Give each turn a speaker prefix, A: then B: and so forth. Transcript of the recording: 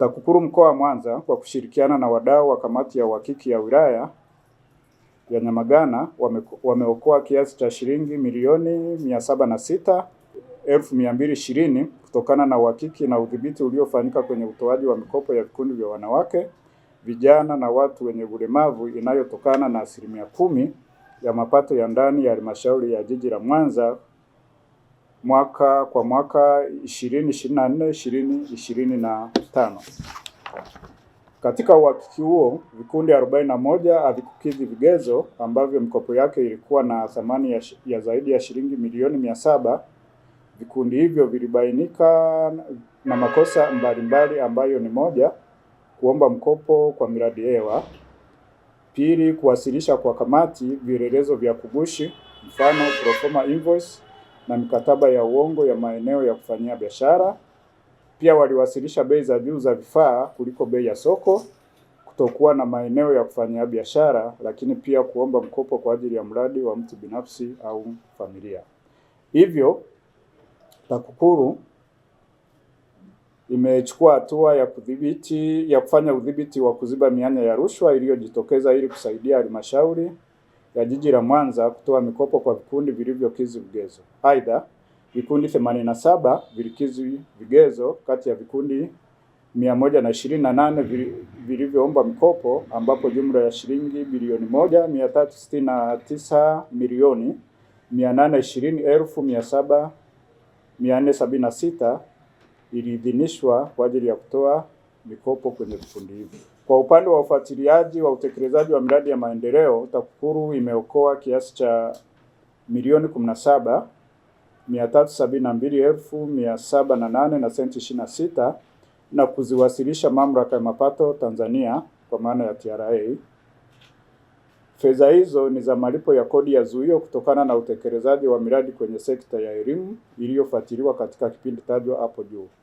A: TAKUKURU mkoa wa Mwanza kwa kushirikiana na wadau wa kamati ya uhakiki ya wilaya ya Nyamagana wameokoa wame kiasi cha shilingi milioni mia saba na sita elfu mia mbili ishirini kutokana na uhakiki na udhibiti uliofanyika kwenye utoaji wa mikopo ya vikundi vya wanawake, vijana na watu wenye ulemavu inayotokana na asilimia kumi ya mapato ya ndani ya halmashauri ya jiji la Mwanza mwaka kwa mwaka 2024 2025. Katika uhakiki huo, vikundi 41 havikukidhi vigezo ambavyo mikopo yake ilikuwa na thamani ya, ya zaidi ya shilingi milioni mia saba. Vikundi hivyo vilibainika na makosa mbalimbali ambayo ni moja, kuomba mkopo kwa miradi hewa; pili, kuwasilisha kwa kamati vielelezo vya kugushi, mfano proforma invoice na mikataba ya uongo ya maeneo ya kufanyia biashara. Pia waliwasilisha bei za juu za vifaa kuliko bei ya soko, kutokuwa na maeneo ya kufanyia biashara, lakini pia kuomba mkopo kwa ajili ya mradi wa mtu binafsi au familia. Hivyo TAKUKURU imechukua hatua ya kudhibiti ya kufanya udhibiti wa kuziba mianya ya rushwa iliyojitokeza ili kusaidia halmashauri ya jiji la Mwanza kutoa mikopo kwa vikundi vilivyokizi vigezo. Aidha, vikundi 87 vilikizi vigezo kati ya vikundi 128 vilivyoomba mikopo ambapo jumla ya shilingi bilioni 1,369 milioni 820,776 iliidhinishwa kwa ajili ya kutoa mikopo kwenye vikundi hivyo kwa upande wa ufuatiliaji wa utekelezaji wa miradi ya maendeleo, TAKUKURU imeokoa kiasi cha milioni kumi na na nane na senti ishirini sita na kuziwasilisha mamlaka ya mapato Tanzania kwa maana ya TRA. Fedha hizo ni za malipo ya kodi ya zuio kutokana na utekelezaji wa miradi kwenye sekta ya elimu iliyofuatiliwa katika kipindi tajwa hapo juu.